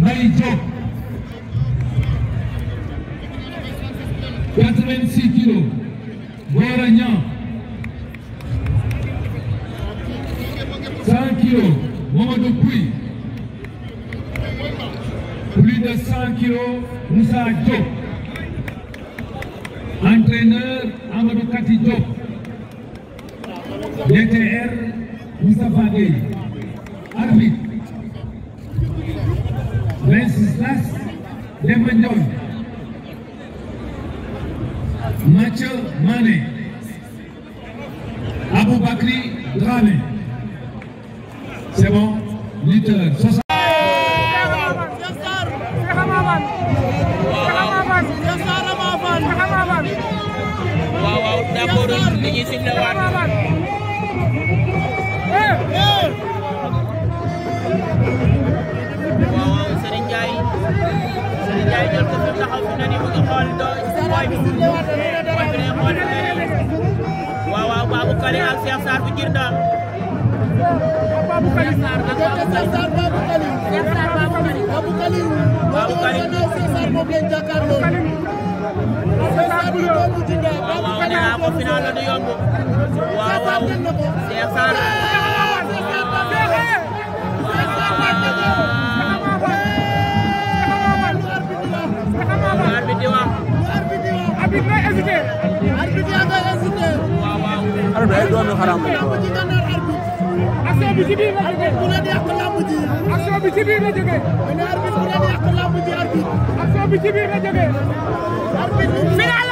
Maïto, 86 kilos Gora 100 kg Mamadou Pouy plus de 100 kg Moussa Diop entraîneur Amadou Kati DTR Moussa Fadé arbitre Lewandowski, Mathieu Mané, Bakri Dramé. C'est bon, litre 60. taxaw fi mu ne nii mu ngi xool doo booy bi booy bi day xool waaw waaw Babou Kaly ak Cheikh Sarr bu Jirnda Babou Kaly Sarr ak Babou Kaly Cheikh Sarr Babou Kaly Babou Kaly Babou Kaly Cheikh Sarr moom lañ jàkkaarloo waaw waaw nee naa ko final la du yomb waaw waaw Cheikh Sarr lu xaraam action bi ci biir la jógee bu leen yàq lamb ji action bi ci biir la jógee arbitre bu leen yàq lamb ji arbitre action bi ci biir la jógee arbitre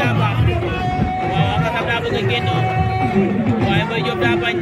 daa baax waaw Akassa daa bëgg a génnoon waaye Mbaye Diop daa bañ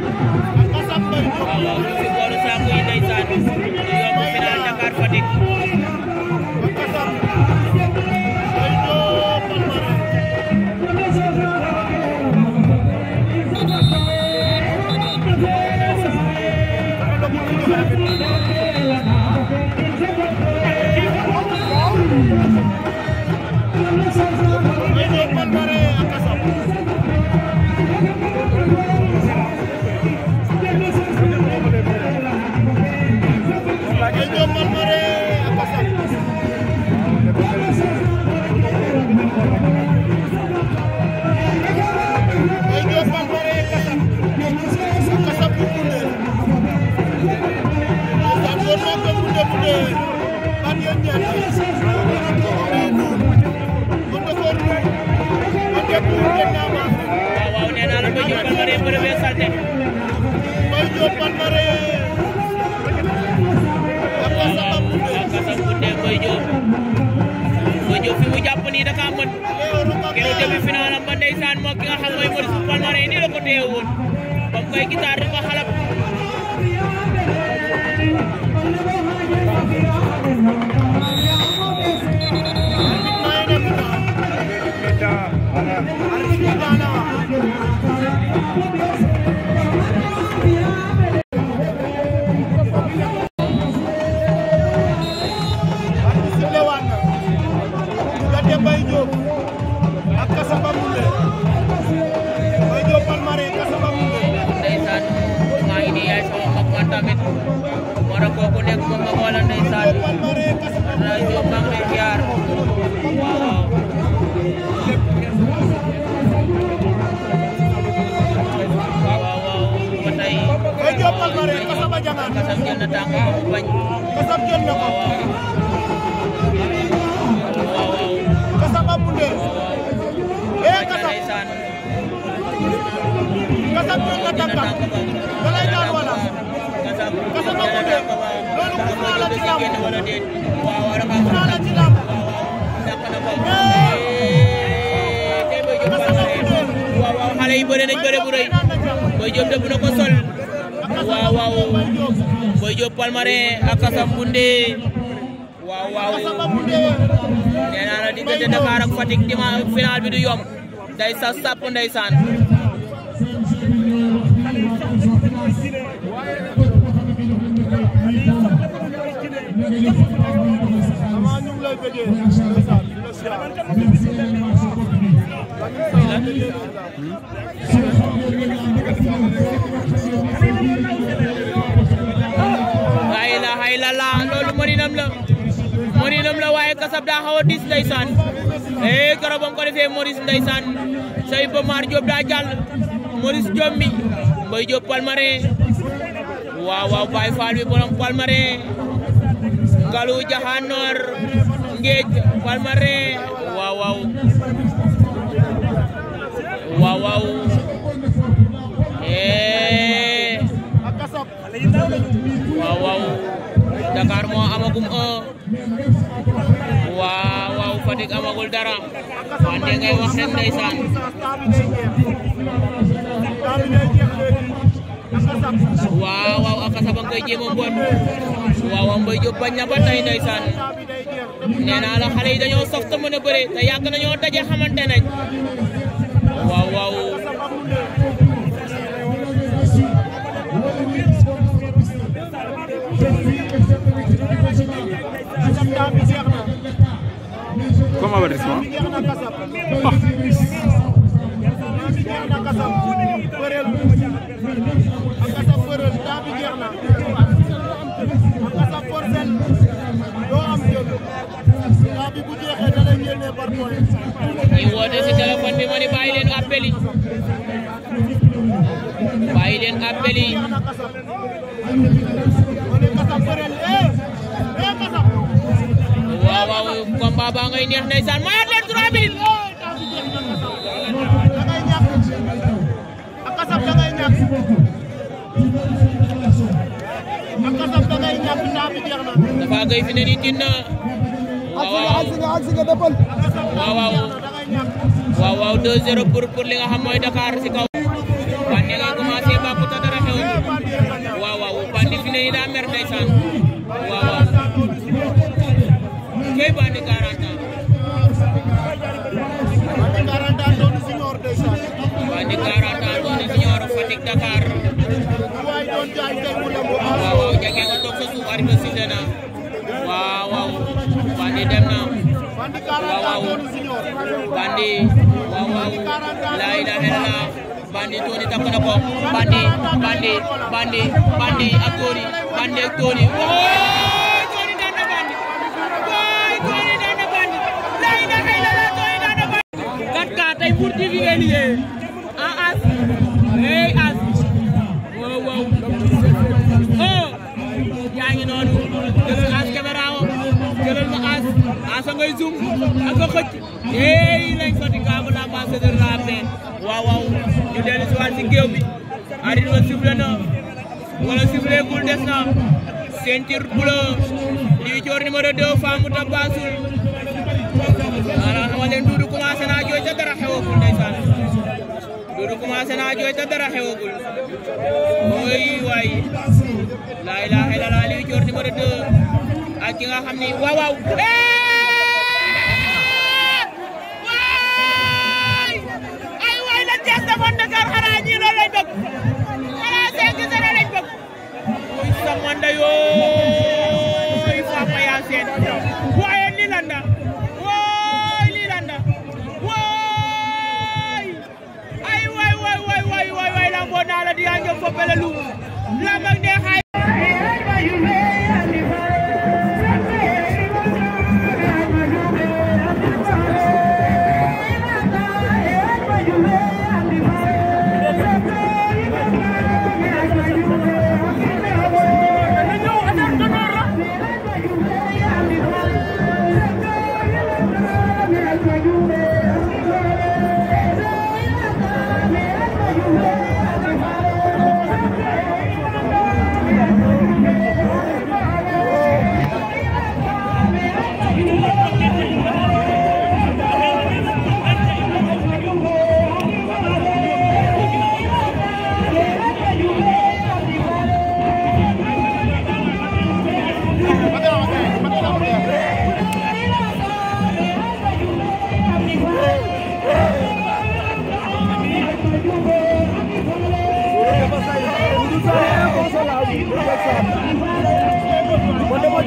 Mbaye Diop Palmarin Saxabunde Mbaye Diop Mbaye Diop fi mu jàpp nii da kaa mën keroog demi-finale am ba ndeysaan moo ki nga xam mooy Marichou Palmarin nii la ko téye woon ba mu koy gitaar dafa xalab Thank you. jël na tànk bañ kasam jël na ko kasam amul de eh kasam kasam jël na tànk da lay daan wala kasam amul de loolu ku naa la ci lamb ku naa la ci lamb kasam amul de waaw waaw xale yi bëre nañ bëre bu rëy Boy Diop dëpp na ko sol waaw waaw Boy Diop Palmarin ak Assane Boundé waaw waaw nee naa la diggante Dakar ak Fatick bi du yomb day sa sàpp ndeysaan daa xaw a dis ndeysaan eh garab bam ko defee Maurice ndeysaan say ba Mar Diop daa jàll Maurice Diop mi Mbaye Diop Palmarin waaw waaw Baye Fall bi borom Palmarin Ngalu Jaxanoor Ngéej Palmarin waaw waaw waaw waaw eh waaw waaw Dakar moo amagum un waaw waaw Fatick amagul dara wante ngay wax rek ndeysaan waaw waaw akasaba ngay jéem a mboot waaw waaw Mbaye bañ na ba tey ndeysaan nee naa la dañoo sof te mën a bëre te yàgg nañoo daje xamante nañ waaw waaw comme avertissement ñu woote si téléphone bi ma ni bàyyi leen appel yi bàyyi leen appel yi combat baa ngay neex ndeysaan mayaat leen trois mille dangay ñàkk akasab dangay ñàkk akasab dangay ñàkk naa na dafa gay fi ne si bandi la ilaha illallah bandi toni takko na ko bandi bandi bandi bandi ak toni bandi ak toni kat ka tay pour TV ngay liggéey koy zoom ak ko lañ ko di kaamu la la am waaw waaw ñu si waat si bi arbitre ba sifflé na wala sifflé gul des na ceinture bleu lii joor numéro 2 faamu ta ala xama leen duudu commencé naa jooy ca dara xewagul ndeysaan duudu commencé naa jooy ca dara xewagul mooy waay laa illallah numéro 2 ak ki nga waaw waaw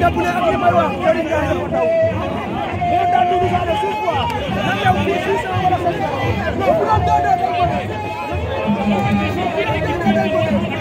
jàpp ne ak li may wax Serigne Ndiaye dafa daw moo daan dugg saa ne six fois na yow fii six cent wala sept cent non